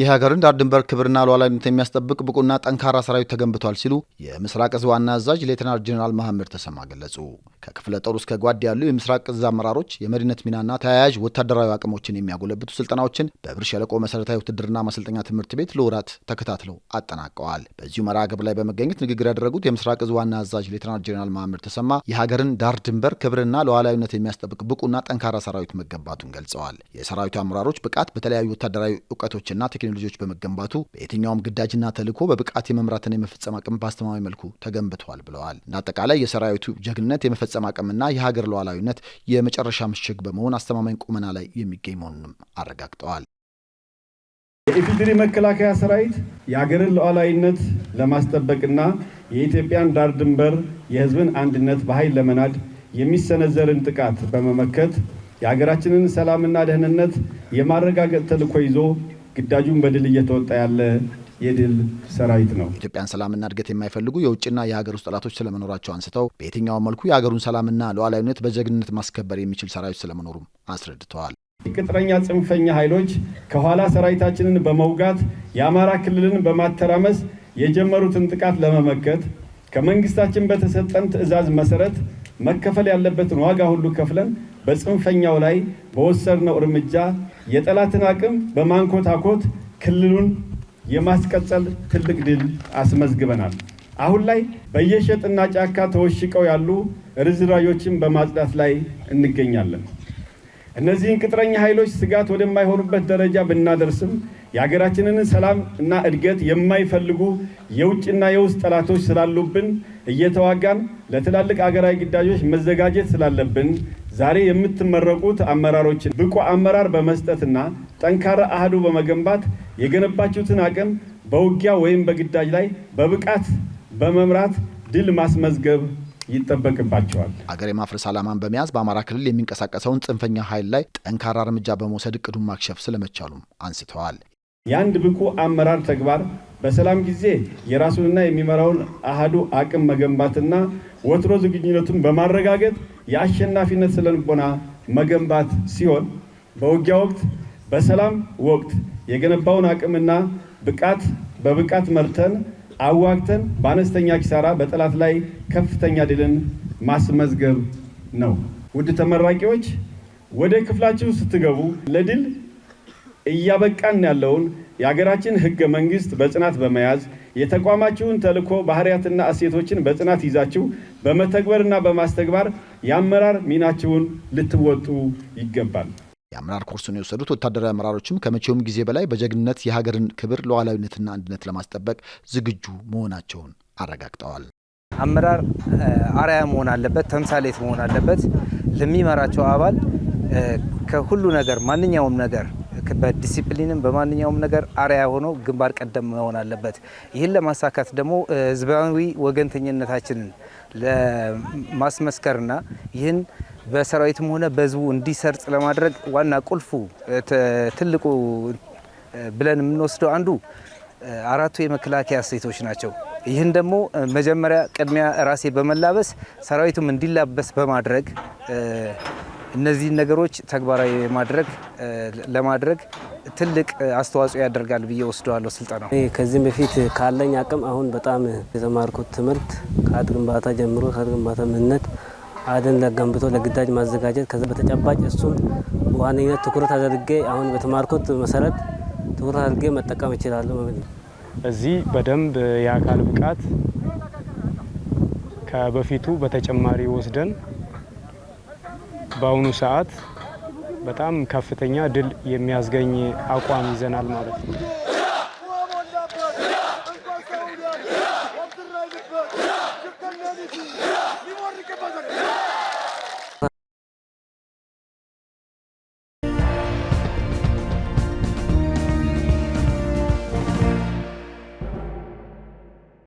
የሀገርን ዳር ድንበር ክብርና ሉዓላዊነት የሚያስጠብቅ ብቁና ጠንካራ ሰራዊት ተገንብቷል ሲሉ የምስራቅ እዝ ዋና አዛዥ ሌተናል ጀኔራል መሐመድ ተሰማ ገለጹ። ከክፍለ ጦር እስከ ጓድ ያሉ የምስራቅ እዝ አመራሮች የመሪነት ሚናና ተያያዥ ወታደራዊ አቅሞችን የሚያጎለብቱ ስልጠናዎችን በብር ሸለቆ መሰረታዊ ውትድርና ማሰልጠኛ ትምህርት ቤት ልውራት ተከታትለው አጠናቀዋል። በዚሁ መርሃ ግብር ላይ በመገኘት ንግግር ያደረጉት የምስራቅ እዝ ዋና አዛዥ ሌተናል ጀኔራል መሐመድ ተሰማ የሀገርን ዳር ድንበር ክብርና ሉዓላዊነት የሚያስጠብቅ ብቁና ጠንካራ ሰራዊት መገንባቱን ገልጸዋል። የሰራዊቱ አመራሮች ብቃት በተለያዩ ወታደራዊ እውቀቶችና ልጆች በመገንባቱ በየትኛውም ግዳጅና ተልዕኮ በብቃት የመምራትና የመፈጸም አቅም በአስተማማኝ መልኩ ተገንብተዋል ብለዋል። እንደ አጠቃላይ የሰራዊቱ ጀግንነት የመፈጸም አቅምና የሀገር ሉዓላዊነት የመጨረሻ ምሽግ በመሆን አስተማማኝ ቁመና ላይ የሚገኝ መሆኑንም አረጋግጠዋል። የኢፌዴሪ መከላከያ ሰራዊት የሀገርን ሉዓላዊነት ለማስጠበቅና የኢትዮጵያን ዳር ድንበር የሕዝብን አንድነት በኃይል ለመናድ የሚሰነዘርን ጥቃት በመመከት የሀገራችንን ሰላምና ደህንነት የማረጋገጥ ተልዕኮ ይዞ ግዳጁን በድል እየተወጣ ያለ የድል ሰራዊት ነው። ኢትዮጵያን ሰላምና እድገት የማይፈልጉ የውጭና የሀገር ውስጥ ጠላቶች ስለመኖራቸው አንስተው በየትኛውም መልኩ የሀገሩን ሰላምና ሉዓላዊነት በጀግንነት ማስከበር የሚችል ሰራዊት ስለመኖሩም አስረድተዋል። ቅጥረኛ ጽንፈኛ ኃይሎች ከኋላ ሰራዊታችንን በመውጋት የአማራ ክልልን በማተራመስ የጀመሩትን ጥቃት ለመመከት ከመንግስታችን በተሰጠን ትዕዛዝ መሰረት መከፈል ያለበትን ዋጋ ሁሉ ከፍለን በጽንፈኛው ላይ በወሰድነው እርምጃ የጠላትን አቅም በማንኮታኮት ክልሉን የማስቀጠል ትልቅ ድል አስመዝግበናል። አሁን ላይ በየሸጥና ጫካ ተወሽቀው ያሉ ርዝራዦችን በማጽዳት ላይ እንገኛለን። እነዚህን ቅጥረኛ ኃይሎች ስጋት ወደማይሆኑበት ደረጃ ብናደርስም የሀገራችንን ሰላም እና እድገት የማይፈልጉ የውጭና የውስጥ ጠላቶች ስላሉብን እየተዋጋን ለትላልቅ አገራዊ ግዳጆች መዘጋጀት ስላለብን ዛሬ የምትመረቁት አመራሮችን ብቁ አመራር በመስጠትና ጠንካራ አህዱ በመገንባት የገነባችሁትን አቅም በውጊያ ወይም በግዳጅ ላይ በብቃት በመምራት ድል ማስመዝገብ ይጠበቅባቸዋል። አገር የማፍረስ ዓላማን በመያዝ በአማራ ክልል የሚንቀሳቀሰውን ጽንፈኛ ኃይል ላይ ጠንካራ እርምጃ በመውሰድ እቅዱን ማክሸፍ ስለመቻሉም አንስተዋል። የአንድ ብቁ አመራር ተግባር በሰላም ጊዜ የራሱንና የሚመራውን አህዱ አቅም መገንባትና ወትሮ ዝግጁነቱን በማረጋገጥ የአሸናፊነት ስነልቦና መገንባት ሲሆን በውጊያ ወቅት በሰላም ወቅት የገነባውን አቅምና ብቃት በብቃት መርተን አዋግተን በአነስተኛ ኪሳራ በጠላት ላይ ከፍተኛ ድልን ማስመዝገብ ነው። ውድ ተመራቂዎች ወደ ክፍላችሁ ስትገቡ ለድል እያበቃን ያለውን የሀገራችን ህገ መንግስት በጽናት በመያዝ የተቋማችሁን ተልኮ ባህሪያትና እሴቶችን በጽናት ይዛችሁ በመተግበርና በማስተግባር የአመራር ሚናችሁን ልትወጡ ይገባል። የአመራር ኮርሱን የወሰዱት ወታደራዊ አመራሮችም ከመቼውም ጊዜ በላይ በጀግንነት የሀገርን ክብር ሉዓላዊነትና አንድነት ለማስጠበቅ ዝግጁ መሆናቸውን አረጋግጠዋል። አመራር አርአያ መሆን አለበት፣ ተምሳሌት መሆን አለበት። ለሚመራቸው አባል ከሁሉ ነገር ማንኛውም ነገር በዲሲፕሊንም በማንኛውም ነገር አርያ ሆኖ ግንባር ቀደም መሆን አለበት። ይህን ለማሳካት ደግሞ ህዝባዊ ወገንተኝነታችንን ለማስመስከርና ይህን በሰራዊትም ሆነ በህዝቡ እንዲሰርጽ ለማድረግ ዋና ቁልፉ ትልቁ ብለን የምንወስደው አንዱ አራቱ የመከላከያ እሴቶች ናቸው። ይህን ደግሞ መጀመሪያ ቅድሚያ ራሴ በመላበስ ሰራዊቱም እንዲላበስ በማድረግ እነዚህን ነገሮች ተግባራዊ ማድረግ ለማድረግ ትልቅ አስተዋጽኦ ያደርጋል ብዬ ወስደዋለሁ። ስልጠናው ከዚህም በፊት ካለኝ አቅም አሁን በጣም የተማርኩት ትምህርት ከአጥር ግንባታ ጀምሮ ከአጥር ግንባታ ምንነት አደን ለገንብቶ ለግዳጅ ማዘጋጀት ከዚ በተጨባጭ እሱን በዋነኝነት ትኩረት አድርጌ አሁን በተማርኩት መሰረት ትኩረት አድርጌ መጠቀም እችላለሁ። እዚህ በደንብ የአካል ብቃት ከበፊቱ በተጨማሪ ወስደን በአሁኑ ሰዓት በጣም ከፍተኛ ድል የሚያስገኝ አቋም ይዘናል ማለት ነው።